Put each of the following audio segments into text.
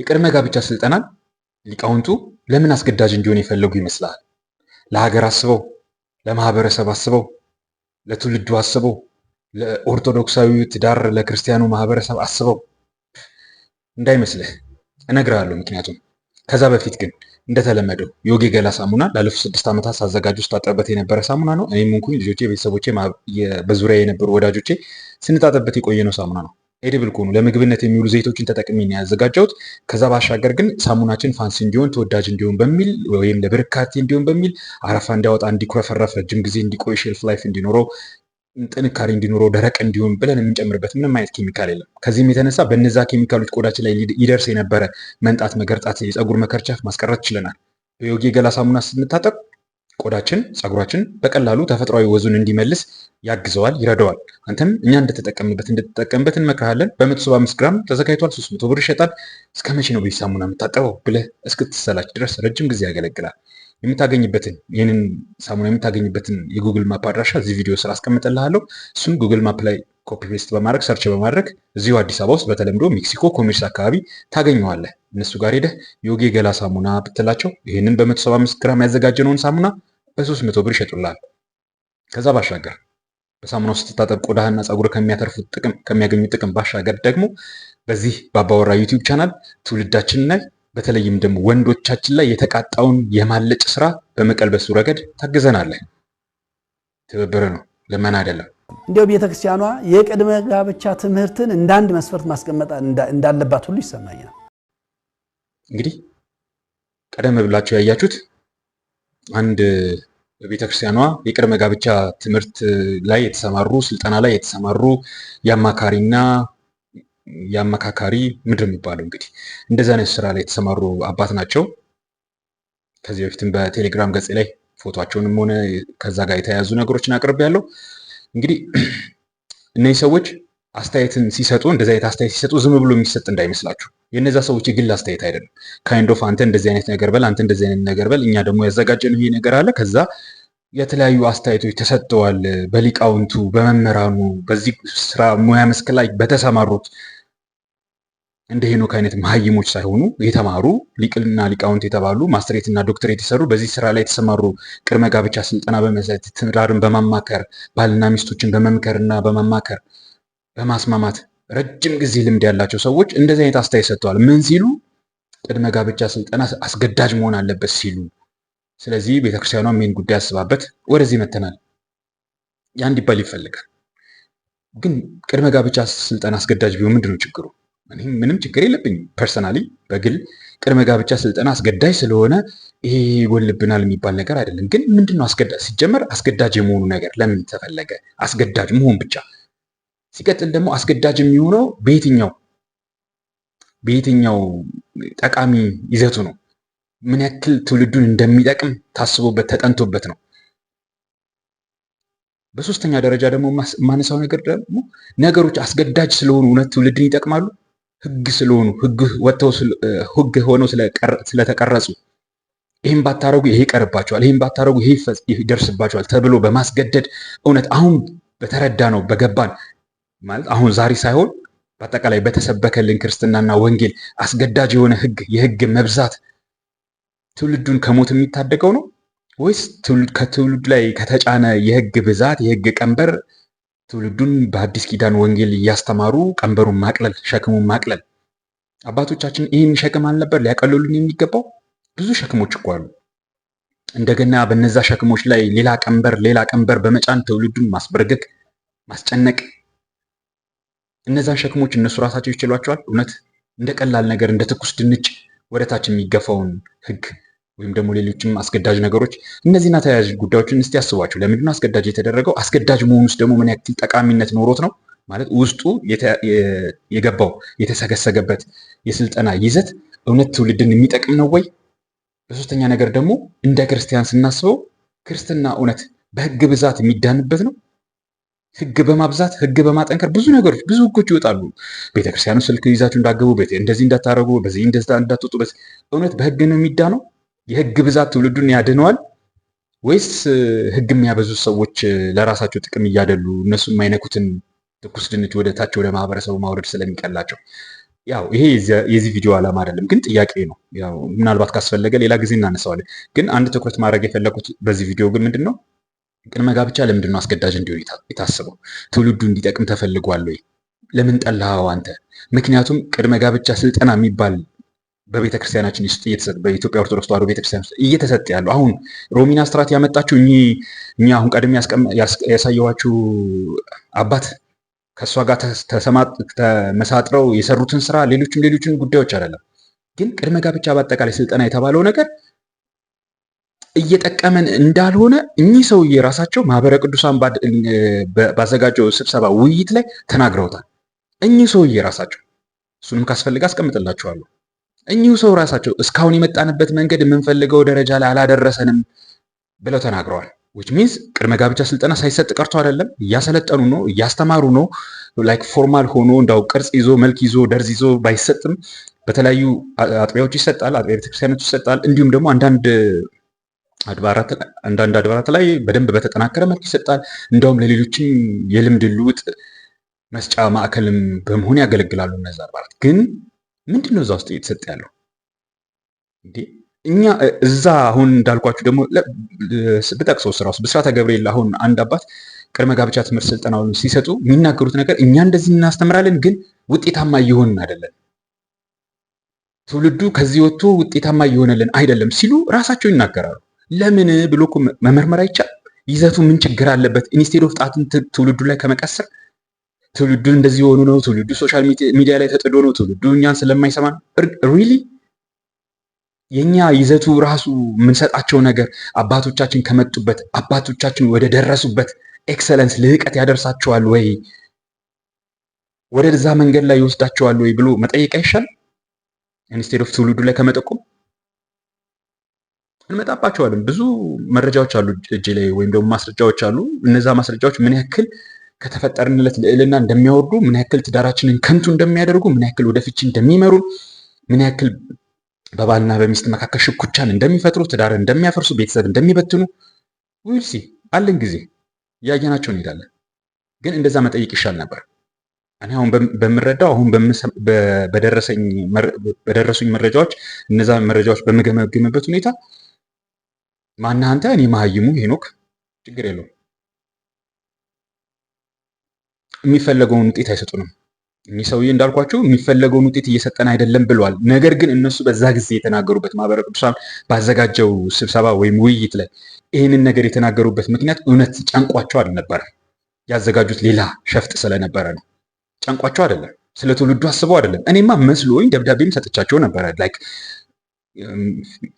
የቅድመ ጋብቻ ስልጠና ሊቃውንቱ ለምን አስገዳጅ እንዲሆን የፈለጉ ይመስልሃል? ለሀገር አስበው፣ ለማህበረሰብ አስበው፣ ለትውልዱ አስበው፣ ለኦርቶዶክሳዊ ትዳር ለክርስቲያኑ ማህበረሰብ አስበው እንዳይመስልህ እነግርሃለሁ። ምክንያቱም ከዛ በፊት ግን እንደተለመደው የወጌ ገላ ሳሙና ላለፉት ስድስት ዓመታት ሳዘጋጅ ውስጥ ታጠብበት የነበረ ሳሙና ነው። እኔም እንኩኝ ልጆቼ፣ ቤተሰቦቼ፣ በዙሪያ የነበሩ ወዳጆቼ ስንታጠብበት የቆየነው ሳሙና ነው። ኤድብል ከሆኑ ለምግብነት የሚውሉ ዘይቶችን ተጠቅሜ ነው ያዘጋጀሁት። ከዛ ባሻገር ግን ሳሙናችን ፋንሲ እንዲሆን ተወዳጅ እንዲሆን በሚል ወይም ለበርካቴ እንዲሆን በሚል አረፋ እንዲያወጣ፣ እንዲኩረፈረፍ፣ ረጅም ጊዜ እንዲቆይ፣ ሼልፍ ላይፍ እንዲኖረው፣ ጥንካሬ እንዲኖረው፣ ደረቅ እንዲሆን ብለን የምንጨምርበት ምንም አይነት ኬሚካል የለም። ከዚህም የተነሳ በነዛ ኬሚካሎች ቆዳችን ላይ ይደርስ የነበረ መንጣት፣ መገርጣት፣ የፀጉር መከርቸፍ ማስቀረት ችለናል። በዮጊ የገላ ሳሙና ስንታጠብ ቆዳችን፣ ፀጉራችን በቀላሉ ተፈጥሯዊ ወዙን እንዲመልስ ያግዘዋል፣ ይረዳዋል። አንተም እኛ እንደተጠቀምበት እንደተጠቀምበት እንመክርሃለን። በ175 ግራም ተዘጋጅቷል። 300 ብር ይሸጣል። እስከ መቼ ነው ቤት ሳሙና የምታጠበው ብለህ እስክትሰላች ድረስ ረጅም ጊዜ ያገለግላል። የምታገኝበትን ይህንን ሳሙና የምታገኝበትን የጉግል ማፕ አድራሻ እዚህ ቪዲዮ ስራ አስቀምጠልሃለሁ። እሱን ጉግል ማፕ ላይ ኮፒ ፔስት በማድረግ ሰርች በማድረግ እዚሁ አዲስ አበባ ውስጥ በተለምዶ ሜክሲኮ ኮሜርስ አካባቢ ታገኘዋለህ። እነሱ ጋር ሄደህ የዮጊ ገላ ሳሙና ብትላቸው ይህንን በ175 ግራም ያዘጋጀነውን ሳሙና በሶስት መቶ ብር ይሸጡላል። ከዛ ባሻገር በሳሙና ውስጥ ስትታጠብ ቆዳህና ጸጉር ከሚያተርፉት ጥቅም ከሚያገኙት ጥቅም ባሻገር ደግሞ በዚህ በአባወራ ዩቲዩብ ቻናል ትውልዳችን ላይ በተለይም ደግሞ ወንዶቻችን ላይ የተቃጣውን የማለጭ ስራ በመቀልበሱ ረገድ ታግዘናለን። ትብብር ነው፣ ልመና አይደለም። እንዲያው ቤተክርስቲያኗ የቅድመ ጋብቻ ትምህርትን እንደ አንድ መስፈርት ማስቀመጥ እንዳለባት ሁሉ ይሰማኛል። እንግዲህ ቀደም ብላችሁ ያያችሁት አንድ በቤተክርስቲያኗ የቅድመ ጋብቻ ትምህርት ላይ የተሰማሩ ስልጠና ላይ የተሰማሩ የአማካሪና የአመካካሪ ምድር የሚባለው እንግዲህ እንደዚህ አይነት ስራ ላይ የተሰማሩ አባት ናቸው። ከዚህ በፊትም በቴሌግራም ገጽ ላይ ፎቷቸውንም ሆነ ከዛ ጋር የተያያዙ ነገሮችን አቅርብ ያለው እንግዲህ እነዚህ ሰዎች አስተያየትን ሲሰጡ እንደዚህ አይነት አስተያየት ሲሰጡ ዝም ብሎ የሚሰጥ እንዳይመስላችሁ። የነዛ ሰዎች የግል አስተያየት አይደለም። ካይንድ ኦፍ አንተ እንደዚህ አይነት ነገር በል፣ አንተ እንደዚህ አይነት ነገር በል፣ እኛ ደግሞ ያዘጋጀነው ይሄ ነገር አለ። ከዛ የተለያዩ አስተያየቶች ተሰጥተዋል በሊቃውንቱ፣ በመምህራኑ፣ በዚህ ስራ ሙያ መስክ ላይ በተሰማሩት እንደ ሄኖክ አይነት መሀይሞች ሳይሆኑ የተማሩ ሊቅልና ሊቃውንት የተባሉ ማስትሬት ማስትሬትና ዶክትሬት የሰሩ በዚህ ስራ ላይ የተሰማሩ ቅድመ ጋብቻ ስልጠና በመስጠት ትዳርን በማማከር ባልና ሚስቶችን በመምከርና በማማከር በማስማማት ረጅም ጊዜ ልምድ ያላቸው ሰዎች እንደዚህ አይነት አስተያየት ሰጥተዋል። ምን ሲሉ? ቅድመ ጋብቻ ስልጠና አስገዳጅ መሆን አለበት ሲሉ። ስለዚህ ቤተክርስቲያኗ ይህን ጉዳይ አስባበት ወደዚህ መተናል። ያ እንዲባል ይፈልጋል። ግን ቅድመ ጋብቻ ስልጠና አስገዳጅ ቢሆን ምንድነው ችግሩ? ምንም ችግር የለብኝ ፐርሰናሊ በግል ቅድመ ጋብቻ ስልጠና አስገዳጅ ስለሆነ ይሄ ይጎልብናል የሚባል ነገር አይደለም። ግን ምንድነው አስገዳጅ ሲጀመር አስገዳጅ የመሆኑ ነገር ለምን ተፈለገ? አስገዳጅ መሆን ብቻ ሲቀጥል ደግሞ አስገዳጅ የሚሆነው በየትኛው በየትኛው ጠቃሚ ይዘቱ ነው። ምን ያክል ትውልዱን እንደሚጠቅም ታስቦበት ተጠንቶበት ነው። በሶስተኛ ደረጃ ደግሞ የማነሳው ነገር ደግሞ ነገሮች አስገዳጅ ስለሆኑ እውነት ትውልድን ይጠቅማሉ። ህግ ስለሆኑ ህግ ሆነው ስለተቀረጹ ይህም ባታረጉ ይሄ ይቀርባቸዋል፣ ይህም ባታረጉ ይሄ ይደርስባቸዋል ተብሎ በማስገደድ እውነት አሁን በተረዳ ነው በገባን ማለት አሁን ዛሬ ሳይሆን በአጠቃላይ በተሰበከልን ክርስትናና ወንጌል አስገዳጅ የሆነ ህግ የህግ መብዛት ትውልዱን ከሞት የሚታደገው ነው ወይስ ከትውልድ ላይ ከተጫነ የህግ ብዛት የህግ ቀንበር ትውልዱን በአዲስ ኪዳን ወንጌል እያስተማሩ ቀንበሩን ማቅለል ሸክሙን ማቅለል አባቶቻችን ይህን ሸክም አልነበር ሊያቀልሉን የሚገባው ብዙ ሸክሞች እኮ አሉ እንደገና በነዛ ሸክሞች ላይ ሌላ ቀንበር ሌላ ቀንበር በመጫን ትውልዱን ማስበርገግ ማስጨነቅ እነዛን ሸክሞች እነሱ ራሳቸው ይችሏቸዋል? እውነት እንደ ቀላል ነገር እንደ ትኩስ ድንች ወደታች የሚገፋውን ህግ ወይም ደግሞ ሌሎችም አስገዳጅ ነገሮች እነዚህና ተያያዥ ጉዳዮችን እስቲ ያስቧቸው። ለምንድነው አስገዳጅ የተደረገው? አስገዳጅ መሆኑ ውስጥ ደግሞ ምን ያክል ጠቃሚነት ኖሮት ነው ማለት ውስጡ የገባው የተሰገሰገበት የስልጠና ይዘት እውነት ትውልድን የሚጠቅም ነው ወይ? በሶስተኛ ነገር ደግሞ እንደ ክርስቲያን ስናስበው ክርስትና እውነት በህግ ብዛት የሚዳንበት ነው? ህግ በማብዛት ህግ በማጠንከር ብዙ ነገሮች ብዙ ህጎች ይወጣሉ። ቤተክርስቲያኑ ስልክ ይዛችሁ እንዳገቡ፣ እንደዚህ እንዳታረጉ፣ በዚህ እንዳትወጡ። እውነት በህግ ነው የሚዳነው? የህግ ብዛት ትውልዱን ያድነዋል ወይስ ህግ የሚያበዙ ሰዎች ለራሳቸው ጥቅም እያደሉ እነሱ የማይነኩትን ትኩስ ድንች ወደ ታች ወደ ማህበረሰቡ ማውረድ ስለሚቀላቸው? ያው ይሄ የዚህ ቪዲዮ ዓላማ አይደለም፣ ግን ጥያቄ ነው። ያው ምናልባት ካስፈለገ ሌላ ጊዜ እናነሳዋለን። ግን አንድ ትኩረት ማድረግ የፈለኩት በዚህ ቪዲዮ ግን ምንድን ነው ቅድመ ጋብቻ ለምንድን ነው አስገዳጅ እንዲሆን የታስበው? ትውልዱ እንዲጠቅም ተፈልጓል ወይ? ለምን ጠላኸው አንተ? ምክንያቱም ቅድመ ጋብቻ ስልጠና የሚባል በቤተ ክርስቲያናችን ውስጥ በኢትዮጵያ ኦርቶዶክስ ተዋህዶ ቤተክርስቲያን ውስጥ እየተሰጠ ያለው አሁን ሮሚና ስትራት ያመጣችው እኛ አሁን ቀድሜ ያሳየኋችሁ አባት ከእሷ ጋር ተመሳጥረው የሰሩትን ስራ ሌሎችም ሌሎችን ጉዳዮች አይደለም። ግን ቅድመ ጋብቻ በአጠቃላይ ስልጠና የተባለው ነገር እየጠቀመን እንዳልሆነ እኚህ ሰውዬ ራሳቸው ማህበረ ቅዱሳን ባዘጋጀው ስብሰባ ውይይት ላይ ተናግረውታል። እኚህ ሰውዬ ራሳቸው እሱንም ካስፈልገ አስቀምጥላችኋለሁ። እኚሁ ሰው ራሳቸው እስካሁን የመጣንበት መንገድ የምንፈልገው ደረጃ ላይ አላደረሰንም ብለው ተናግረዋል። ዊች ሚንስ ቅድመ ጋብቻ ስልጠና ሳይሰጥ ቀርቶ አይደለም፣ እያሰለጠኑ ነው፣ እያስተማሩ ነው። ላይክ ፎርማል ሆኖ እንዳው ቅርጽ ይዞ መልክ ይዞ ደርዝ ይዞ ባይሰጥም በተለያዩ አጥቢያዎች ይሰጣል፣ አጥቢያ ቤተክርስቲያኖች ይሰጣል። እንዲሁም ደግሞ አንዳንድ አንዳንድ አድባራት ላይ በደንብ በተጠናከረ መልክ ይሰጣል። እንደውም ለሌሎችም የልምድ ልውጥ መስጫ ማዕከልም በመሆን ያገለግላሉ። እነዚህ አድባራት ግን ምንድን ነው እዛ ውስጥ እየተሰጠ ያለው እንዴ? እኛ እዛ አሁን እንዳልኳችሁ ደግሞ ብጠቅሰው ስራ ውስጥ ብስራተ ገብርኤል አሁን አንድ አባት ቅድመ ጋብቻ ትምህርት ስልጠናውን ሲሰጡ የሚናገሩት ነገር እኛ እንደዚህ እናስተምራለን፣ ግን ውጤታማ እየሆንን አይደለን፣ ትውልዱ ከዚህ ወጥቶ ውጤታማ እየሆነልን አይደለም ሲሉ ራሳቸው ይናገራሉ። ለምን ብሎ እኮ መመርመር አይቻልም? ይዘቱ ምን ችግር አለበት? ኢንስቴድ ኦፍ ጣትን ትውልዱ ላይ ከመቀሰር ትውልዱ እንደዚህ የሆኑ ነው፣ ትውልዱ ሶሻል ሚዲያ ላይ ተጥዶ ነው፣ ትውልዱ እኛን ስለማይሰማ ሪሊ የኛ ይዘቱ ራሱ የምንሰጣቸው ነገር አባቶቻችን ከመጡበት አባቶቻችን ወደ ደረሱበት ኤክሰለንስ ልህቀት ያደርሳቸዋል ወይ ወደዛ መንገድ ላይ ይወስዳቸዋል ወይ ብሎ መጠየቅ አይሻልም? ኢንስቴድ ኦፍ ትውልዱ ላይ ከመጠቆም እንመጣባቸዋለን። ብዙ መረጃዎች አሉ እጅ ላይ ወይም ደግሞ ማስረጃዎች አሉ። እነዛ ማስረጃዎች ምን ያክል ከተፈጠርንለት ልዕልና እንደሚያወርዱ፣ ምን ያክል ትዳራችንን ከንቱ እንደሚያደርጉ፣ ምን ያክል ወደፊች እንደሚመሩ፣ ምን ያክል በባልና በሚስት መካከል ሽኩቻን እንደሚፈጥሩ፣ ትዳር እንደሚያፈርሱ፣ ቤተሰብ እንደሚበትኑ ዊልሲ አለን ጊዜ እያየናቸው እንሄዳለን። ግን እንደዛ መጠየቅ ይሻል ነበር። እኔ አሁን በምረዳው አሁን በደረሱኝ መረጃዎች እነዛ መረጃዎች በምገመግምበት ሁኔታ ማነህ አንተ? እኔ መሀይሙ ሄኖክ። ችግር የለውም። የሚፈለገውን ውጤት አይሰጡንም። እኚህ ሰውዬ እንዳልኳቸው የሚፈለገውን ውጤት እየሰጠን አይደለም ብለዋል። ነገር ግን እነሱ በዛ ጊዜ የተናገሩበት ማህበረ ቅዱሳን ባዘጋጀው ስብሰባ ወይም ውይይት ላይ ይህንን ነገር የተናገሩበት ምክንያት እውነት ጨንቋቸው አልነበረም። ያዘጋጁት ሌላ ሸፍጥ ስለነበረ ነው። ጨንቋቸው አይደለም። ስለ ትውልዱ አስበው አይደለም። እኔማ መስሎኝ ደብዳቤም ሰጥቻቸው ነበረ ላይክ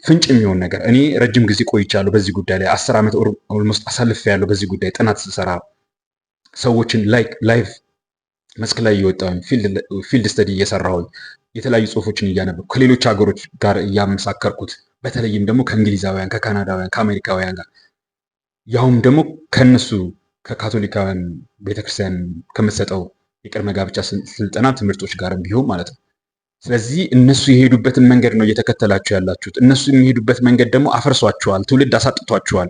ፍንጭ የሚሆን ነገር እኔ ረጅም ጊዜ ቆይቻለሁ በዚህ ጉዳይ ላይ አስር ዓመት ኦልሞስት አሳልፍ ያለው በዚህ ጉዳይ ጥናት ስሰራ ሰዎችን ላይቭ መስክ ላይ እየወጣሁኝ ፊልድ ስተዲ እየሰራሁኝ የተለያዩ ጽሁፎችን እያነበብኩ ከሌሎች ሀገሮች ጋር እያመሳከርኩት በተለይም ደግሞ ከእንግሊዛውያን፣ ከካናዳውያን፣ ከአሜሪካውያን ጋር ያውም ደግሞ ከእነሱ ከካቶሊካውያን ቤተክርስቲያን ከምትሰጠው የቅድመ ጋብቻ ስልጠና ትምህርቶች ጋር ቢሆን ማለት ነው ስለዚህ እነሱ የሄዱበትን መንገድ ነው እየተከተላችሁ ያላችሁት። እነሱ የሚሄዱበት መንገድ ደግሞ አፈርሷችኋል፣ ትውልድ አሳጥቷችኋል።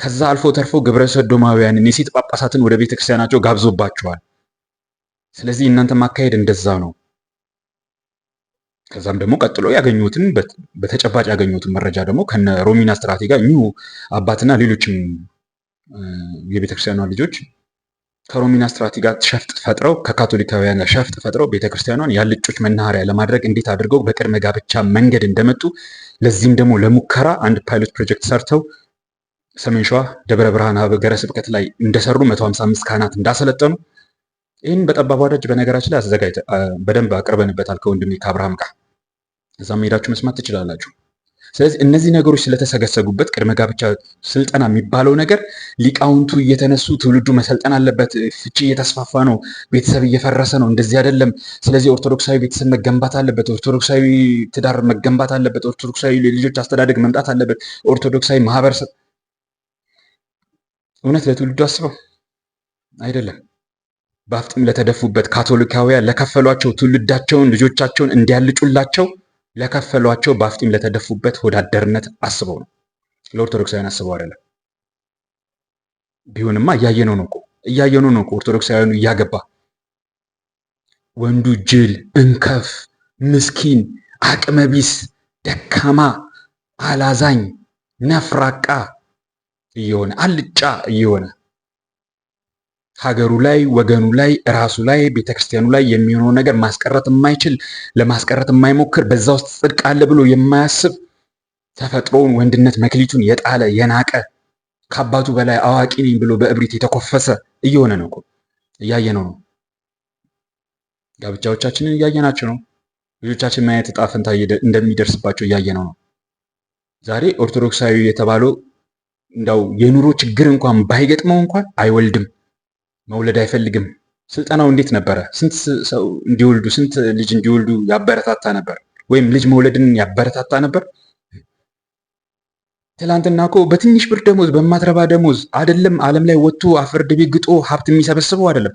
ከዛ አልፎ ተርፎ ግብረ ሰዶማውያንን የሴት ጳጳሳትን ወደ ቤተ ክርስቲያናቸው ጋብዞባችኋል። ስለዚህ እናንተ ማካሄድ እንደዛ ነው። ከዛም ደግሞ ቀጥሎ ያገኙትን በተጨባጭ ያገኙትን መረጃ ደግሞ ከነ ሮሚና ስትራቴ ጋር እኚሁ አባትና ሌሎችም የቤተክርስቲያኗ ልጆች ከሮሚና ስትራቲ ጋር ሸፍጥ ፈጥረው ከካቶሊካውያን ጋር ሸፍጥ ፈጥረው ቤተክርስቲያኗን ያልጮች መናኸሪያ ለማድረግ እንዴት አድርገው በቅድመ ጋብቻ መንገድ እንደመጡ ለዚህም ደግሞ ለሙከራ አንድ ፓይሎት ፕሮጀክት ሰርተው ሰሜን ሸዋ ደብረ ብርሃን ሀገረ ስብከት ላይ እንደሰሩ 155 ካህናት እንዳሰለጠኑ ይህን በጠባብ ወዳጅ በነገራችን ላይ አዘጋጅ በደንብ አቅርበንበታል ከወንድሜ ከአብርሃም ጋር እዛም ሄዳችሁ መስማት ትችላላችሁ። ስለዚህ እነዚህ ነገሮች ስለተሰገሰጉበት ቅድመ ጋብቻ ስልጠና የሚባለው ነገር ሊቃውንቱ እየተነሱ ትውልዱ መሰልጠን አለበት፣ ፍቺ እየተስፋፋ ነው፣ ቤተሰብ እየፈረሰ ነው፣ እንደዚህ አይደለም፣ ስለዚህ ኦርቶዶክሳዊ ቤተሰብ መገንባት አለበት፣ ኦርቶዶክሳዊ ትዳር መገንባት አለበት፣ ኦርቶዶክሳዊ ልጆች አስተዳደግ መምጣት አለበት፣ ኦርቶዶክሳዊ ማህበረሰብ እውነት ለትውልዱ አስበው አይደለም። በአፍጢም ለተደፉበት ካቶሊካውያን ለከፈሏቸው ትውልዳቸውን ልጆቻቸውን እንዲያልጩላቸው ለከፈሏቸው በአፍጢም ለተደፉበት ወዳደርነት አስበው ነው። ለኦርቶዶክሳውያን አስበው አይደለም። ቢሆንማ እያየነው ነው እኮ እያየነው ነው እኮ ኦርቶዶክሳውያኑ እያገባ ወንዱ ጅል፣ እንከፍ፣ ምስኪን፣ አቅመቢስ፣ ደካማ፣ አላዛኝ፣ ነፍራቃ እየሆነ አልጫ እየሆነ ሀገሩ ላይ ወገኑ ላይ ራሱ ላይ ቤተክርስቲያኑ ላይ የሚሆነው ነገር ማስቀረት የማይችል ለማስቀረት የማይሞክር በዛ ውስጥ ጽድቅ አለ ብሎ የማያስብ ተፈጥሮውን ወንድነት መክሊቱን የጣለ የናቀ ከአባቱ በላይ አዋቂ ነኝ ብሎ በእብሪት የተኮፈሰ እየሆነ ነው። እያየነው ነው። ጋብቻዎቻችንን እያየናቸው ነው። ልጆቻችን ምን አይነት ዕጣ ፈንታ እንደሚደርስባቸው እያየነው ነው። ዛሬ ኦርቶዶክሳዊ የተባለው እንዳው የኑሮ ችግር እንኳን ባይገጥመው እንኳን አይወልድም። መውለድ አይፈልግም። ስልጠናው እንዴት ነበረ? ስንት ሰው እንዲወልዱ ስንት ልጅ እንዲወልዱ ያበረታታ ነበር፣ ወይም ልጅ መውለድን ያበረታታ ነበር። ትላንትና እኮ በትንሽ ብር ደሞዝ በማትረባ ደሞዝ አይደለም ዓለም ላይ ወጥቶ አፈር ቤት ግጦ ሀብት የሚሰበስበው አይደለም፣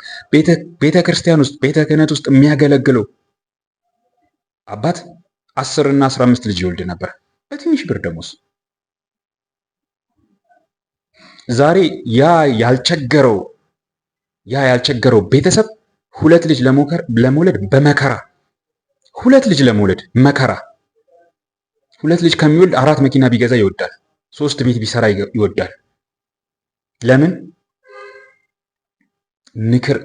ቤተ ክርስቲያን ውስጥ ቤተ ክህነት ውስጥ የሚያገለግለው አባት አስር እና አስራ አምስት ልጅ ይወልድ ነበር በትንሽ ብር ደሞዝ። ዛሬ ያ ያልቸገረው ያ ያልቸገረው ቤተሰብ ሁለት ልጅ ለመውለድ በመከራ ሁለት ልጅ ለመውለድ መከራ ሁለት ልጅ ከሚወልድ አራት መኪና ቢገዛ ይወዳል። ሶስት ቤት ቢሰራ ይወዳል። ለምን ንክር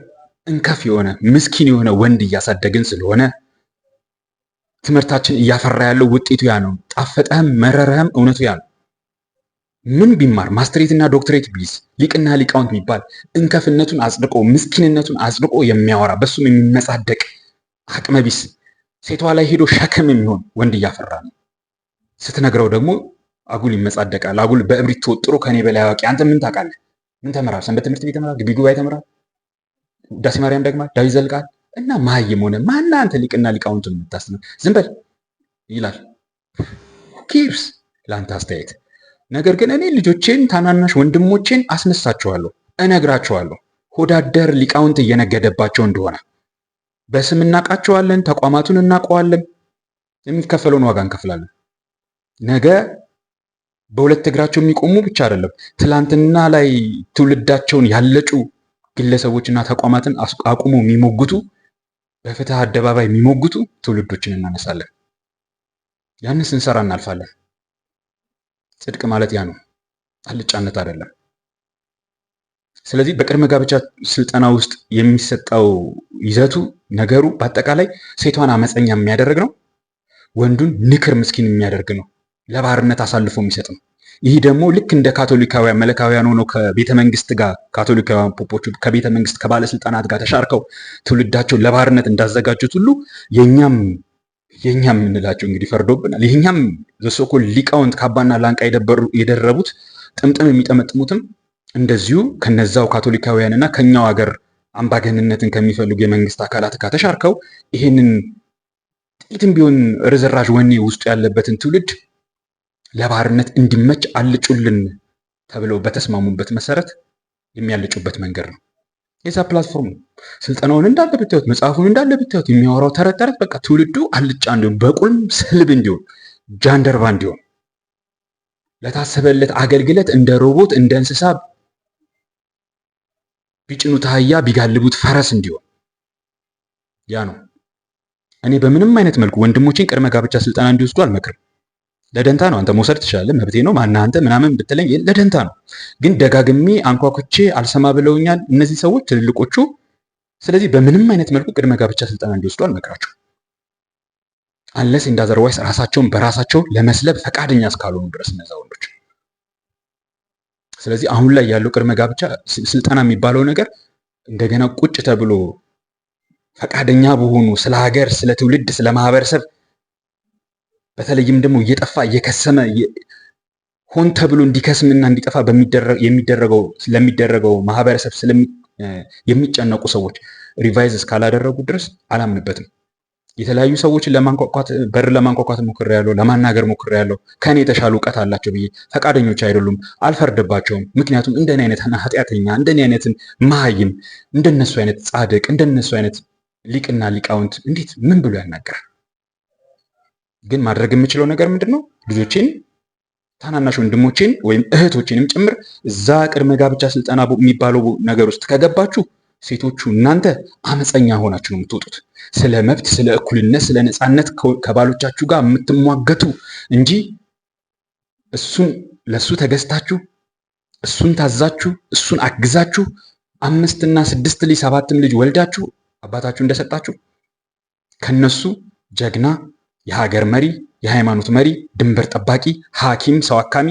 እንከፍ የሆነ ምስኪን የሆነ ወንድ እያሳደግን ስለሆነ ትምህርታችን እያፈራ ያለው ውጤቱ ያ ነው። ጣፈጠህም መረረህም እውነቱ ያ ነው። ምን ቢማር ማስትሬትና ዶክትሬት ቢይዝ ሊቅና ሊቃውንት የሚባል እንከፍነቱን አጽድቆ ምስኪንነቱን አጽድቆ የሚያወራ በሱም የሚመጻደቅ አቅመ ቢስ ሴቷ ላይ ሄዶ ሸክም የሚሆን ወንድ እያፈራ ነው። ስትነግረው ደግሞ አጉል ይመጻደቃል። አጉል በእብሪት ተወጥሮ ከኔ በላይ አዋቂ አንተ ምን ታውቃለህ? ምን ተምራል? ሰንበት ትምህርት ቤት ተምራል? ግቢ ጉባኤ ተምራል? ዳሴ ማርያም ደግማ ዳዊ ዘልቃል እና መሀይም ሆነ ማና አንተ ሊቅና ሊቃውንቱን የምታስነ ዝም በል ይላል ኪርስ ለአንተ አስተያየት ነገር ግን እኔ ልጆቼን፣ ታናናሽ ወንድሞቼን አስነሳቸዋለሁ፣ እነግራቸዋለሁ ሆዳደር ሊቃውንት እየነገደባቸው እንደሆነ። በስም እናቃቸዋለን ተቋማቱን እናውቀዋለን፣ የሚከፈለውን ዋጋ እንከፍላለን። ነገ በሁለት እግራቸው የሚቆሙ ብቻ አይደለም፣ ትላንትና ላይ ትውልዳቸውን ያለጩ ግለሰቦችና ተቋማትን አቁሞ የሚሞግቱ በፍትህ አደባባይ የሚሞግቱ ትውልዶችን እናነሳለን። ያንን ስንሰራ እናልፋለን። ጽድቅ ማለት ያ ነው፣ አልጫነት አይደለም። ስለዚህ በቅድመ ጋብቻ ስልጠና ውስጥ የሚሰጠው ይዘቱ ነገሩ በአጠቃላይ ሴቷን አመፀኛ የሚያደርግ ነው፣ ወንዱን ንክር ምስኪን የሚያደርግ ነው፣ ለባርነት አሳልፎ የሚሰጥ ነው። ይህ ደግሞ ልክ እንደ ካቶሊካውያን መለካውያን ሆኖ ከቤተ መንግስት ጋር ካቶሊካውያን ፖፖቹ ከቤተ መንግስት ከባለስልጣናት ጋር ተሻርከው ትውልዳቸው ለባርነት እንዳዘጋጁት ሁሉ የእኛም የኛ የምንላቸው እንግዲህ ፈርዶብናል። ይህኛም ዘሶኮ ሊቃውንት ካባና ላንቃ የደረቡት ጥምጥም የሚጠመጥሙትም እንደዚሁ ከነዛው ካቶሊካውያንና ከኛው ሀገር አምባገንነትን ከሚፈልጉ የመንግስት አካላት ጋር ተሻርከው ይህንን ጥቂትም ቢሆን ርዝራዥ ወኔ ውስጡ ያለበትን ትውልድ ለባህርነት እንዲመች አልጩልን ተብለው በተስማሙበት መሰረት የሚያልጩበት መንገድ ነው። የዛ ፕላትፎርም ነው። ስልጠናውን እንዳለ ብታዩት፣ መጽሐፉን እንዳለ ብታዩት፣ የሚያወራው ተረት ተረት በቃ ትውልዱ አልጫ እንዲሆን፣ በቁልም ስልብ እንዲሆን፣ ጃንደርባ እንዲሆን ለታሰበለት አገልግለት እንደ ሮቦት እንደ እንስሳ ቢጭኑት አህያ ቢጋልቡት ፈረስ እንዲሆን ያ ነው። እኔ በምንም አይነት መልኩ ወንድሞችን ቅድመ ጋብቻ ስልጠና እንዲወስዱ አልመክርም። ለደንታ ነው። አንተ መውሰድ ትችላለህ፣ መብቴ ነው። ማነህ አንተ ምናምን ብትለኝ ለደንታ ነው። ግን ደጋግሜ አንኳኩቼ አልሰማ ብለውኛል እነዚህ ሰዎች ትልልቆቹ። ስለዚህ በምንም አይነት መልኩ ቅድመ ጋብቻ ስልጠና እንዲወስዱ አልመክራቸው አለስ እንዳዘርዋይስ ራሳቸውን በራሳቸው ለመስለብ ፈቃደኛ እስካልሆኑ ድረስ እነዛ ወንዶች። ስለዚህ አሁን ላይ ያለው ቅድመ ጋብቻ ስልጠና የሚባለው ነገር እንደገና ቁጭ ተብሎ ፈቃደኛ በሆኑ ስለ ሀገር፣ ስለ ትውልድ፣ ስለ ማህበረሰብ በተለይም ደግሞ እየጠፋ እየከሰመ ሆን ተብሎ እንዲከስምና እንዲጠፋ የሚደረገው ለሚደረገው ማህበረሰብ የሚጨነቁ ሰዎች ሪቫይዝ እስካላደረጉ ድረስ አላምንበትም። የተለያዩ ሰዎችን ለማንኳኳት በር ለማንኳኳት ያለው ለማናገር ያለው ከኔ የተሻሉ እውቀት አላቸው ብዬ ፈቃደኞች አይደሉም፣ አልፈርድባቸውም። ምክንያቱም እንደኔ አይነት ኃጢአተኛ እንደኔ አይነትን መሀይም እንደነሱ አይነት ጻድቅ እንደነሱ አይነት ሊቅና ሊቃውንት እንዴት ምን ብሎ ያናገራል? ግን ማድረግ የምችለው ነገር ምንድን ነው? ልጆቼን ታናናሽ ወንድሞቼን ወይም እህቶቼንም ጭምር እዛ ቅድመ ጋብቻ ስልጠና የሚባለው ነገር ውስጥ ከገባችሁ ሴቶቹ እናንተ አመፀኛ ሆናችሁ ነው የምትወጡት። ስለ መብት፣ ስለ እኩልነት፣ ስለ ነፃነት ከባሎቻችሁ ጋር የምትሟገቱ እንጂ እሱን ለእሱ ተገዝታችሁ እሱን ታዛችሁ እሱን አግዛችሁ አምስትና ስድስት ልጅ ሰባትም ልጅ ወልዳችሁ አባታችሁ እንደሰጣችሁ ከነሱ ጀግና የሀገር መሪ፣ የሃይማኖት መሪ፣ ድንበር ጠባቂ፣ ሐኪም፣ ሰው አካሚ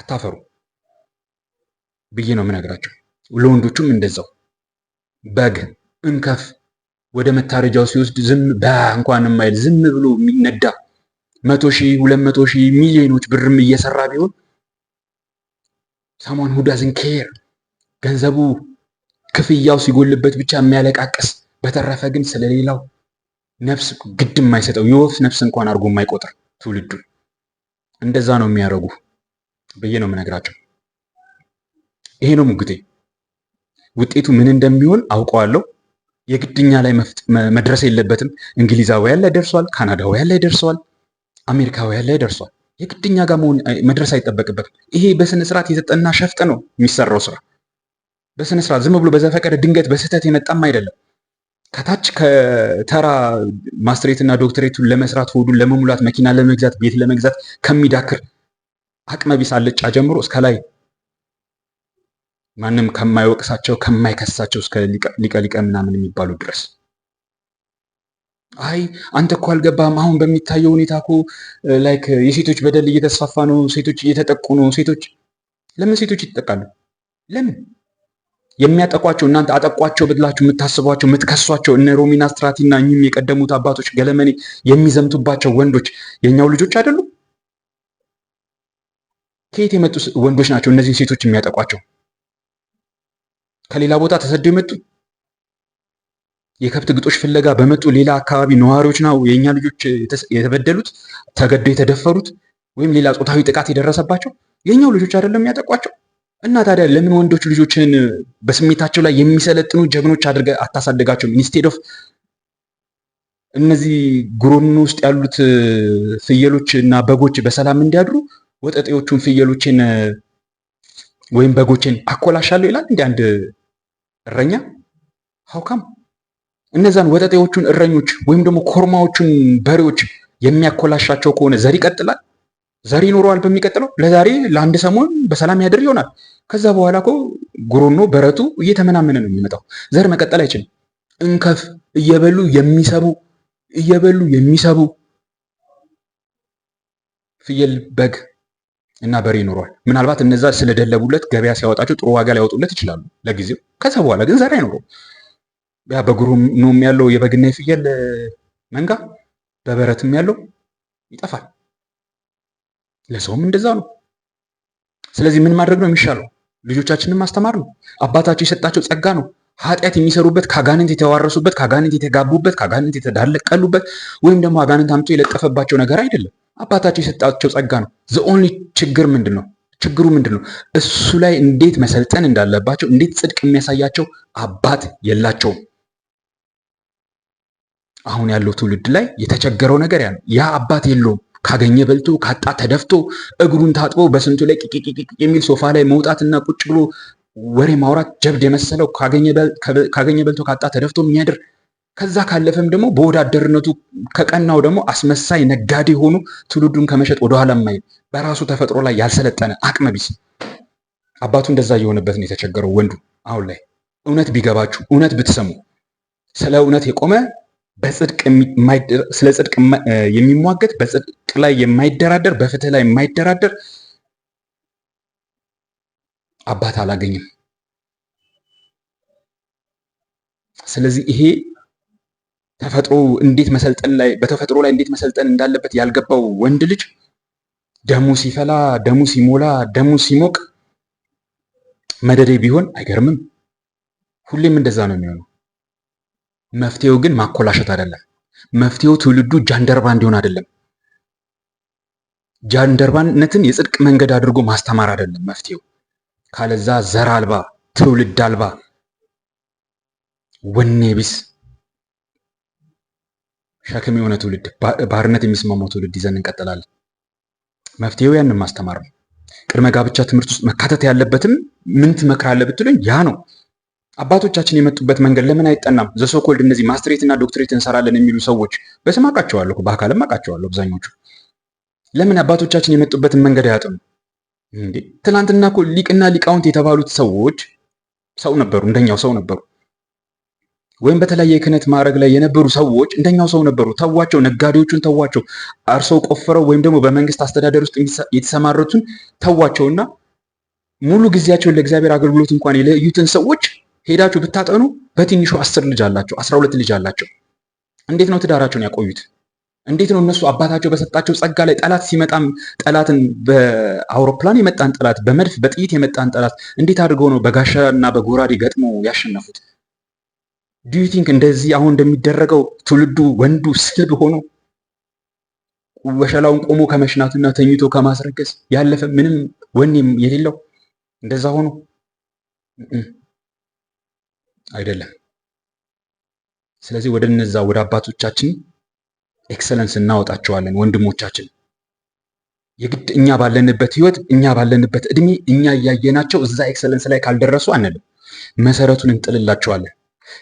አታፈሩ ብዬ ነው የምነግራቸው። ለወንዶቹም እንደዛው በግ እንከፍ ወደ መታረጃው ሲወስድ ዝም እንኳን የማይል ዝም ብሎ የሚነዳ መቶ ሺህ ሁለት መቶ ሺህ ሚሊዮኖች ብርም እየሰራ ቢሆን ሰሞን ሁዳዝን ኬር ገንዘቡ ክፍያው ሲጎልበት ብቻ የሚያለቃቅስ በተረፈ ግን ስለሌላው ነፍስ ግድ የማይሰጠው የወፍ ነፍስ እንኳን አድርጎ የማይቆጥር ትውልዱን እንደዛ ነው የሚያደርጉ ብዬ ነው የምነግራቸው። ይሄ ነው ሙግቴ። ውጤቱ ምን እንደሚሆን አውቀዋለሁ። የግድኛ ላይ መድረስ የለበትም። እንግሊዛውያን ላይ ደርሷል፣ ካናዳውያን ላይ ደርሰዋል፣ አሜሪካውያን ላይ ደርሷል። የግድኛ ጋር መሆን መድረስ አይጠበቅበትም። ይሄ በስነስርዓት የተጠና ሸፍጥ ነው የሚሰራው ስራ በስነስርዓት ዝም ብሎ በዘፈቀደ ድንገት በስህተት የመጣም አይደለም። ከታች ከተራ ማስትሬት እና ዶክትሬቱን ለመስራት ሆዱን ለመሙላት መኪና ለመግዛት ቤት ለመግዛት ከሚዳክር አቅመቢስ አልጫ ጀምሮ እስከ ላይ ማንም ከማይወቅሳቸው ከማይከሳቸው እስከ ሊቀ ሊቀ ምናምን የሚባሉ ድረስ አይ አንተ እኮ አልገባም። አሁን በሚታየው ሁኔታ እኮ ላይክ የሴቶች በደል እየተስፋፋ ነው። ሴቶች እየተጠቁ ነው። ሴቶች ለምን ሴቶች ይጠቃሉ? ለምን የሚያጠቋቸው እናንተ አጠቋቸው ብላችሁ የምታስቧቸው የምትከሷቸው እነ ሮሚና ስትራቲና እኚህም የቀደሙት አባቶች ገለመኔ የሚዘምቱባቸው ወንዶች የእኛው ልጆች አይደሉም? ከየት የመጡ ወንዶች ናቸው እነዚህን ሴቶች የሚያጠቋቸው? ከሌላ ቦታ ተሰደው የመጡ የከብት ግጦሽ ፍለጋ በመጡ ሌላ አካባቢ ነዋሪዎች ነው የእኛ ልጆች የተበደሉት፣ ተገደው የተደፈሩት፣ ወይም ሌላ ጾታዊ ጥቃት የደረሰባቸው የእኛው ልጆች አይደለም የሚያጠቋቸው? እና ታዲያ ለምን ወንዶች ልጆችን በስሜታቸው ላይ የሚሰለጥኑ ጀግኖች አድርገ አታሳደጋቸው? ኢንስቴድ ኦፍ እነዚህ ጉሮኑ ውስጥ ያሉት ፍየሎች እና በጎች በሰላም እንዲያድሩ ወጠጤዎቹን ፍየሎችን ወይም በጎችን አኮላሻለሁ ይላል እንደ አንድ እረኛ። ሀውካም እነዛን ወጠጤዎቹን እረኞች ወይም ደግሞ ኮርማዎቹን በሬዎች የሚያኮላሻቸው ከሆነ ዘር ይቀጥላል። ዛሬ ይኖረዋል። በሚቀጥለው ለዛሬ ለአንድ ሰሞን በሰላም ያድር ይሆናል። ከዛ በኋላ እኮ ጉሮኖ በረቱ እየተመናመነ ነው የሚመጣው። ዘር መቀጠል አይችልም። እንከፍ እየበሉ የሚሰቡ እየበሉ የሚሰቡ ፍየል፣ በግ እና በሬ ይኖረዋል። ምናልባት እነዛ ስለደለቡለት ገበያ ሲያወጣቸው ጥሩ ዋጋ ሊያወጡለት ይችላሉ ለጊዜው። ከዛ በኋላ ግን ዘር አይኖረውም። ያ በጉሮኖም ያለው የበግና የፍየል መንጋ በበረትም ያለው ይጠፋል። ለሰውም እንደዛ ነው። ስለዚህ ምን ማድረግ ነው የሚሻለው? ልጆቻችንን ማስተማር ነው። አባታቸው የሰጣቸው ጸጋ ነው። ኃጢአት የሚሰሩበት ከአጋንንት የተዋረሱበት ከአጋንንት የተጋቡበት ከአጋንንት የተዳለቀሉበት ወይም ደግሞ አጋንንት አምጦ የለጠፈባቸው ነገር አይደለም። አባታቸው የሰጣቸው ጸጋ ነው። ዘኦንሊ ችግር ምንድን ነው? ችግሩ ምንድን ነው? እሱ ላይ እንዴት መሰልጠን እንዳለባቸው እንዴት ጽድቅ የሚያሳያቸው አባት የላቸውም። አሁን ያለው ትውልድ ላይ የተቸገረው ነገር ያ ነው። ያ አባት የለውም። ካገኘ በልቶ ካጣ ተደፍቶ እግሩን ታጥቦ በስንቱ ላይ ቂቂቂቂ የሚል ሶፋ ላይ መውጣትና ቁጭ ብሎ ወሬ ማውራት ጀብድ የመሰለው ካገኘ በልቶ ካጣ ተደፍቶ የሚያድር ከዛ ካለፈም ደግሞ በወዳደርነቱ ከቀናው ደግሞ አስመሳይ ነጋዴ ሆኑ ትውልዱን ከመሸጥ ወደኋላ የማይል በራሱ ተፈጥሮ ላይ ያልሰለጠነ አቅመቢስ አባቱ እንደዛ እየሆነበት ነው የተቸገረው ወንዱ። አሁን ላይ እውነት ቢገባችሁ እውነት ብትሰሙ ስለ እውነት የቆመ ስለ ጽድቅ የሚሟገት በጽድቅ ላይ የማይደራደር በፍትህ ላይ የማይደራደር አባት አላገኝም። ስለዚህ ይሄ ተፈጥሮ እንዴት መሰልጠን ላይ በተፈጥሮ ላይ እንዴት መሰልጠን እንዳለበት ያልገባው ወንድ ልጅ ደሙ ሲፈላ ደሙ ሲሞላ ደሙ ሲሞቅ መደዴ ቢሆን አይገርምም። ሁሌም እንደዛ ነው የሚሆነው። መፍትሄው ግን ማኮላሸት አይደለም። መፍትሄው ትውልዱ ጃንደርባ እንዲሆን አይደለም። ጃንደርባነትን የጽድቅ መንገድ አድርጎ ማስተማር አይደለም መፍትሄው። ካለዛ ዘር አልባ ትውልድ አልባ ወኔ ቢስ ሸክም የሆነ ትውልድ፣ ባርነት የሚስማማው ትውልድ ይዘን እንቀጥላለን። መፍትሄው ያንን ማስተማር ነው። ቅድመ ጋብቻ ትምህርት ውስጥ መካተት ያለበትም ምን ትመክራለህ ብትሉኝ ያ ነው። አባቶቻችን የመጡበት መንገድ ለምን አይጠናም? ዘሶኮልድ እነዚህ ማስትሬት እና ዶክትሬት እንሰራለን የሚሉ ሰዎች በስም አውቃቸዋለሁ፣ በአካልም አውቃቸዋለሁ። አብዛኞቹ ለምን አባቶቻችን የመጡበትን መንገድ አያጥኑ እንዴ? ትናንትና እኮ ሊቅና ሊቃውንት የተባሉት ሰዎች ሰው ነበሩ፣ እንደኛው ሰው ነበሩ። ወይም በተለያየ ክህነት ማዕረግ ላይ የነበሩ ሰዎች እንደኛው ሰው ነበሩ። ተዋቸው፣ ነጋዴዎቹን ተዋቸው፣ አርሰው ቆፍረው ወይም ደግሞ በመንግስት አስተዳደር ውስጥ የተሰማረቱን ተዋቸውና ሙሉ ጊዜያቸውን ለእግዚአብሔር አገልግሎት እንኳን የለዩትን ሰዎች ሄዳችሁ ብታጠኑ በትንሹ አስር ልጅ አላቸው፣ አስራ ሁለት ልጅ አላቸው። እንዴት ነው ትዳራቸውን ያቆዩት? እንዴት ነው እነሱ አባታቸው በሰጣቸው ጸጋ ላይ ጠላት ሲመጣም ጠላትን በአውሮፕላን የመጣን ጠላት በመድፍ በጥይት የመጣን ጠላት እንዴት አድርገው ነው በጋሻ እና በጎራዴ ገጥሞ ያሸነፉት? ዲዩ ቲንክ እንደዚህ አሁን እንደሚደረገው ትውልዱ ወንዱ ስልብ ሆኖ ወሸላውን ቆሞ ከመሽናትና ተኝቶ ከማስረገዝ ያለፈ ምንም ወኔም የሌለው እንደዛ ሆኖ አይደለም። ስለዚህ ወደ እነዛ ወደ አባቶቻችን ኤክሰለንስ እናወጣቸዋለን ወንድሞቻችን የግድ እኛ ባለንበት ህይወት እኛ ባለንበት እድሜ እኛ እያየናቸው እዛ ኤክሰለንስ ላይ ካልደረሱ አንልም። መሰረቱን እንጥልላቸዋለን።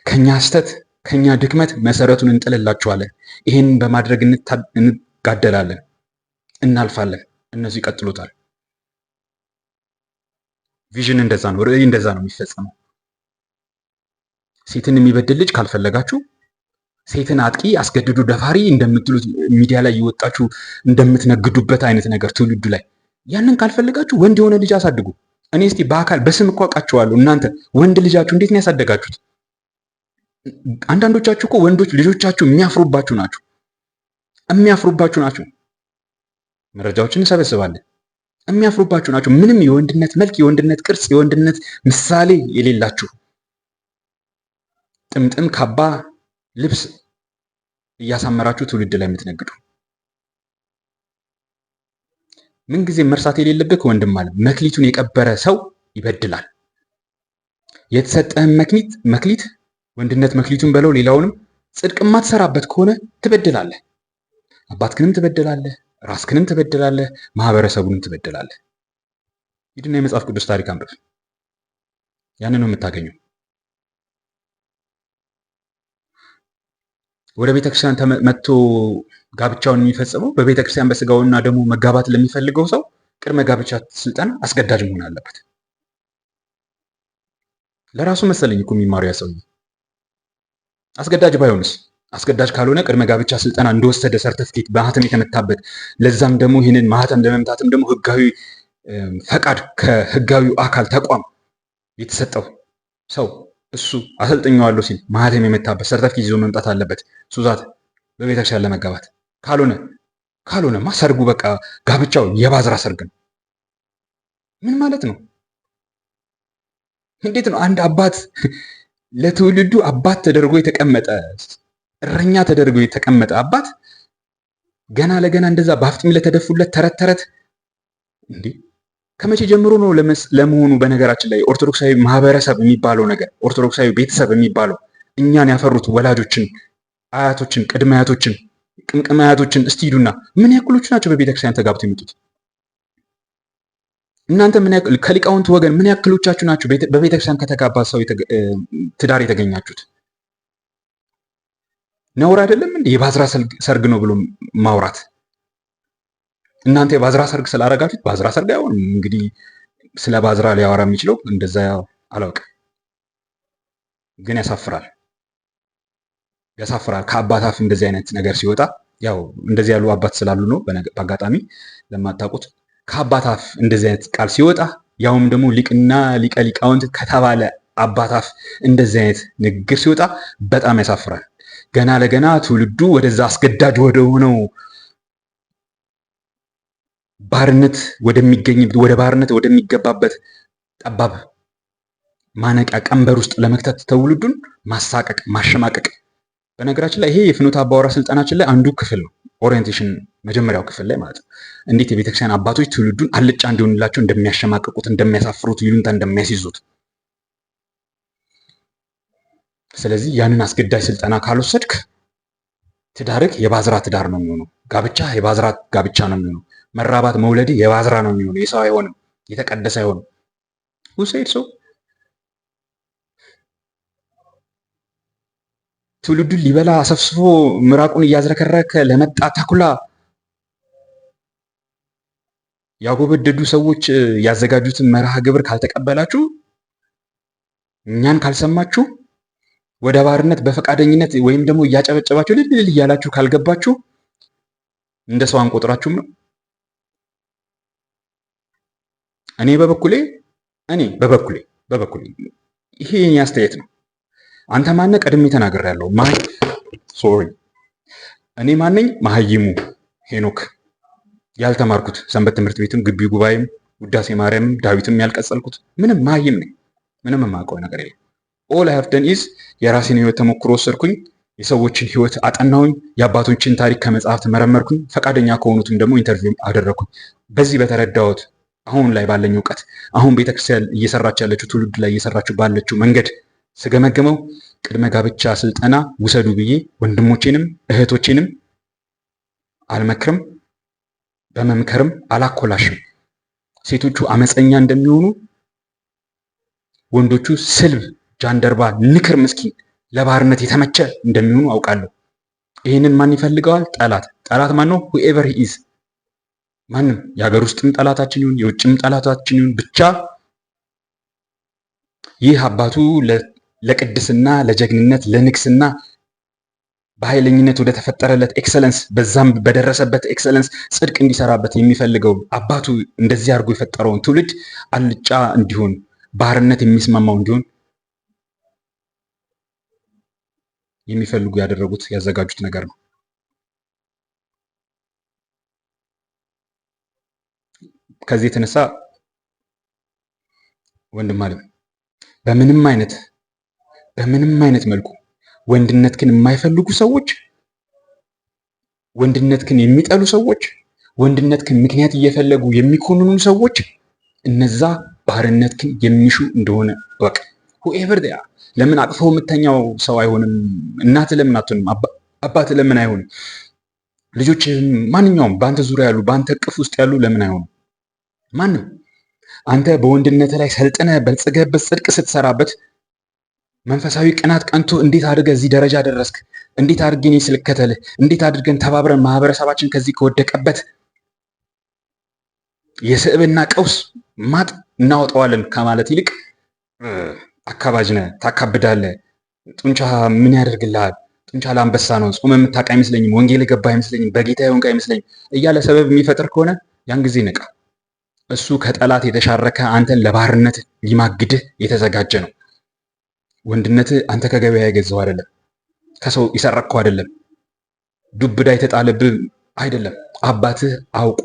ከኛ ስተት ከኛ ድክመት መሰረቱን እንጥልላቸዋለን። ይህን በማድረግ እንጋደላለን፣ እናልፋለን። እነሱ ይቀጥሉታል። ቪዥን እንደዛ ነው፣ ራዕይ እንደዛ ነው የሚፈጸመው። ሴትን የሚበድል ልጅ ካልፈለጋችሁ ሴትን አጥቂ፣ አስገድዱ ደፋሪ እንደምትሉት ሚዲያ ላይ እየወጣችሁ እንደምትነግዱበት አይነት ነገር ትውልዱ ላይ ያንን ካልፈለጋችሁ ወንድ የሆነ ልጅ አሳድጉ። እኔ እስቲ በአካል በስም እኮ አውቃቸዋለሁ። እናንተ ወንድ ልጃችሁ እንዴት ነው ያሳደጋችሁት? አንዳንዶቻችሁ እኮ ወንዶች ልጆቻችሁ የሚያፍሩባችሁ ናችሁ፣ የሚያፍሩባችሁ ናችሁ። መረጃዎችን እንሰበስባለን። የሚያፍሩባችሁ ናችሁ። ምንም የወንድነት መልክ፣ የወንድነት ቅርጽ፣ የወንድነት ምሳሌ የሌላችሁ ጥምጥም፣ ካባ፣ ልብስ እያሳመራችሁ ትውልድ ላይ የምትነግዱ ምንጊዜ መርሳት የሌለብህ ወንድም አለ መክሊቱን የቀበረ ሰው ይበድላል። የተሰጠህን መክሊት መክሊት ወንድነት መክሊቱን በለው ሌላውንም ጽድቅ የማትሰራበት ከሆነ ትበድላለህ። አባትክንም ትበድላለህ፣ ራስክንም ትበድላለህ፣ ማህበረሰቡንም ትበድላለህ። ሂድና የመጽሐፍ ቅዱስ ታሪክ አንብብ። ያንን ነው የምታገኘው። ወደ ቤተክርስቲያን መጥቶ ጋብቻውን የሚፈጽመው በቤተክርስቲያን በስጋውና ደግሞ መጋባት ለሚፈልገው ሰው ቅድመ ጋብቻ ስልጠና አስገዳጅ መሆን አለበት። ለራሱ መሰለኝ እኮ የሚማሩ ያሰው አስገዳጅ ባይሆንስ አስገዳጅ ካልሆነ ቅድመ ጋብቻ ስልጠና እንደወሰደ ሰርተፍኬት ማህተም የተመታበት ለዛም ደግሞ ይህንን ማህተም ለመምታትም ደግሞ ህጋዊ ፈቃድ ከህጋዊው አካል ተቋም የተሰጠው ሰው እሱ አሰልጥኛዋለሁ ሲል ማህተም የመታበት ሰርተፍኬት ይዞ መምጣት አለበት። ሱዛት በቤተክርስቲያን ለመጋባት ካልሆነ ካልሆነማ ሰርጉ በቃ ጋብቻው የባዝራ ሰርግ ነው። ምን ማለት ነው? እንዴት ነው አንድ አባት ለትውልዱ አባት ተደርጎ የተቀመጠ እረኛ ተደርጎ የተቀመጠ አባት ገና ለገና እንደዛ በአፍጢም ለተደፉለት ተረት ተረት እንዲህ ከመቼ ጀምሮ ነው ለመሆኑ? በነገራችን ላይ ኦርቶዶክሳዊ ማህበረሰብ የሚባለው ነገር ኦርቶዶክሳዊ ቤተሰብ የሚባለው እኛን ያፈሩት ወላጆችን፣ አያቶችን፣ ቅድመ አያቶችን፣ ቅምቅም አያቶችን እስቲ ሂዱና ምን ያክሎቹ ናቸው በቤተክርስቲያን ተጋብተው የመጡት? እናንተ ምን ያክል ከሊቃውንት ወገን ምን ያክሎቻችሁ ናቸው በቤተክርስቲያን ከተጋባ ሰው ትዳር የተገኛችሁት? ነውር አይደለም እንዴ? የባዝራ ሰርግ ነው ብሎ ማውራት እናንተ የባዝራ ሰርግ ስላደረጋችሁት ባዝራ ሰርግ አይሆንም። እንግዲህ ስለ ባዝራ ሊያወራ የሚችለው እንደዛ አላውቅም፣ ግን ያሳፍራል፣ ያሳፍራል። ከአባት አፍ እንደዚህ አይነት ነገር ሲወጣ ያው እንደዚህ ያሉ አባት ስላሉ ነው። በአጋጣሚ ለማታውቁት ከአባት አፍ እንደዚህ አይነት ቃል ሲወጣ ያውም ደግሞ ሊቅና ሊቀ ሊቃውንት ከተባለ አባት አፍ እንደዚህ አይነት ንግግር ሲወጣ በጣም ያሳፍራል። ገና ለገና ትውልዱ ወደዛ አስገዳጅ ወደ ሆነው ባርነት ወደሚገኝ ወደ ባርነት ወደሚገባበት ጠባብ ማነቂያ ቀንበር ውስጥ ለመክተት ትውልዱን ማሳቀቅ፣ ማሸማቀቅ። በነገራችን ላይ ይሄ የፍኖተ አባወራ ስልጠናችን ላይ አንዱ ክፍል ነው። ኦሪንቴሽን መጀመሪያው ክፍል ላይ ማለት ነው። እንዴት የቤተክርስቲያን አባቶች ትውልዱን አልጫ እንዲሆንላቸው እንደሚያሸማቀቁት፣ እንደሚያሳፍሩት፣ ይሉንታ እንደሚያስይዙት። ስለዚህ ያንን አስገዳጅ ስልጠና ካልወሰድክ ትዳርክ የባዝራ ትዳር ነው የሚሆነው። ጋብቻ የባዝራ ጋብቻ ነው የሚሆነው። መራባት መውለድ የባዝራ ነው የሚሆነው። የሰው አይሆንም፣ የተቀደሰ አይሆንም። ውሰድ ሰው ትውልዱን ሊበላ አሰፍስፎ ምራቁን እያዝረከረከ ለመጣ ተኩላ ያጎበደዱ ሰዎች ያዘጋጁትን መርሃ ግብር ካልተቀበላችሁ እኛን ካልሰማችሁ ወደ ባርነት በፈቃደኝነት ወይም ደግሞ እያጨበጨባችሁ ልልል እያላችሁ ካልገባችሁ እንደ ሰው አንቆጥራችሁም ነው። እኔ በበኩሌ እኔ በበኩሌ በበኩሌ ይሄ የኔ አስተያየት ነው። አንተ ማነህ? ቀድሜ ያለው ማይ ሶሪ እኔ ማነኝ? መሀይሙ ሄኖክ ያልተማርኩት ሰንበት ትምህርት ቤትም ግቢ ጉባኤም ውዳሴ ማርያምም ዳዊትም ያልቀጸልኩት ምንም መሀይም ነኝ። ምንም የማውቀው ነገር የለም። ኦል ሃቭ ደን ኢዝ የራሴን ህይወት ተሞክሮ ወሰድኩኝ። የሰዎችን ህይወት አጠናሁኝ። የአባቶችን ታሪክ ከመጽሐፍት መረመርኩኝ፣ ፈቃደኛ ከሆኑትም ደግሞ ኢንተርቪው አደረግኩኝ። በዚህ በተረዳሁት አሁን ላይ ባለኝ እውቀት አሁን ቤተክርስቲያን እየሰራች ያለችው ትውልድ ላይ እየሰራችው ባለችው መንገድ ስገመገመው ቅድመ ጋብቻ ስልጠና ውሰዱ ብዬ ወንድሞቼንም እህቶቼንም አልመክርም፣ በመምከርም አላኮላሽም። ሴቶቹ አመፀኛ እንደሚሆኑ ወንዶቹ ስልብ፣ ጃንደርባ፣ ንክር፣ ምስኪን ለባርነት የተመቸ እንደሚሆኑ አውቃለሁ። ይህንን ማን ይፈልገዋል? ጠላት። ጠላት ማን ነው? ሁኤቨር ኢዝ ማንም፣ የሀገር ውስጥም ጠላታችን ይሁን የውጭም ጠላታችን ይሁን ብቻ ይህ አባቱ ለቅድስና፣ ለጀግንነት፣ ለንግስና በኃይለኝነት ወደ ተፈጠረለት ኤክሰለንስ በዛም በደረሰበት ኤክሰለንስ ጽድቅ እንዲሰራበት የሚፈልገው አባቱ እንደዚህ አድርጎ የፈጠረውን ትውልድ አልጫ እንዲሆን ባርነት የሚስማማው እንዲሆን የሚፈልጉ ያደረጉት ያዘጋጁት ነገር ነው። ከዚህ የተነሳ ወንድም አለም በምንም አይነት በምንም አይነት መልኩ ወንድነት ግን የማይፈልጉ ሰዎች፣ ወንድነት ግን የሚጠሉ ሰዎች፣ ወንድነት ግን ምክንያት እየፈለጉ የሚኮንኑ ሰዎች እነዛ ባርነት ግን የሚሹ እንደሆነ በቃ ሁኤቨር ለምን አቅፎ የምተኛው ሰው አይሆንም? እናት ለምን አትሆንም? አባት ለምን አይሆንም? ልጆች፣ ማንኛውም በአንተ ዙሪያ ያሉ በአንተ እቅፍ ውስጥ ያሉ ለምን አይሆንም? ማንም አንተ በወንድነት ላይ ሰልጥነ በልጽገበት ጽድቅ ስትሰራበት መንፈሳዊ ቅናት ቀንቶ እንዴት አድርገ እዚህ ደረጃ ደረስክ? እንዴት አድርገን ስልከተልህ? እንዴት አድርገን ተባብረን ማህበረሰባችን ከዚህ ከወደቀበት የስዕብና ቀውስ ማጥ እናወጣዋለን ከማለት ይልቅ አካባጅ ነህ፣ ታካብዳለህ፣ ጡንቻ ምን ያደርግልሃል፣ ጡንቻ ለአንበሳ ነው፣ ጾም የምታውቅ አይመስለኝም፣ ወንጌል የገባህ አይመስለኝም፣ በጌታ የሆንክ አይመስለኝም እያለ ሰበብ የሚፈጥር ከሆነ ያን ጊዜ ንቃ። እሱ ከጠላት የተሻረከ አንተን ለባርነት ሊማግድህ የተዘጋጀ ነው። ወንድነት አንተ ከገበያ የገዛው አይደለም፣ ከሰው የሰረቅከው አይደለም፣ ዱብዳ የተጣለብህ አይደለም። አባትህ አውቆ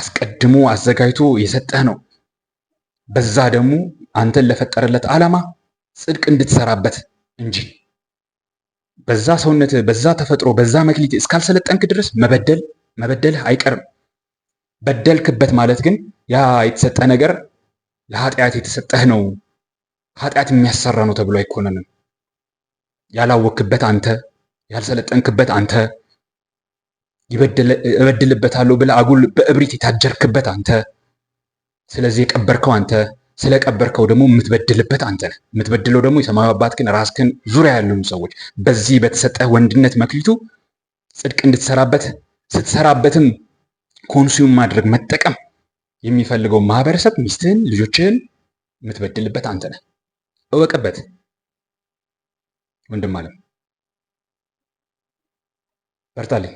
አስቀድሞ አዘጋጅቶ የሰጠህ ነው። በዛ ደግሞ አንተን ለፈጠረለት ዓላማ ጽድቅ እንድትሰራበት እንጂ በዛ ሰውነት በዛ ተፈጥሮ በዛ መክሊት እስካልሰለጠንክ ድረስ መበደል መበደልህ አይቀርም። በደልክበት ማለት ግን ያ የተሰጠ ነገር ለኃጢአት የተሰጠህ ነው፣ ኃጢአት የሚያሰራ ነው ተብሎ አይኮነንም። ያላወክበት አንተ ያልሰለጠንክበት አንተ እበድልበታለሁ ብለህ አጉል በእብሪት የታጀርክበት አንተ፣ ስለዚህ የቀበርከው አንተ ስለቀበርከው ደግሞ የምትበድልበት አንተ ነህ። የምትበድለው ደግሞ የሰማዩ አባት ግን ራስክን ዙሪያ ያሉን ሰዎች በዚህ በተሰጠህ ወንድነት መክሊቱ ጽድቅ እንድትሰራበት ስትሰራበትም ኮንሱም ማድረግ መጠቀም የሚፈልገው ማህበረሰብ ሚስትህን፣ ልጆችህን የምትበድልበት አንተ ነህ። እወቅበት ወንድም አለም በርታልኝ።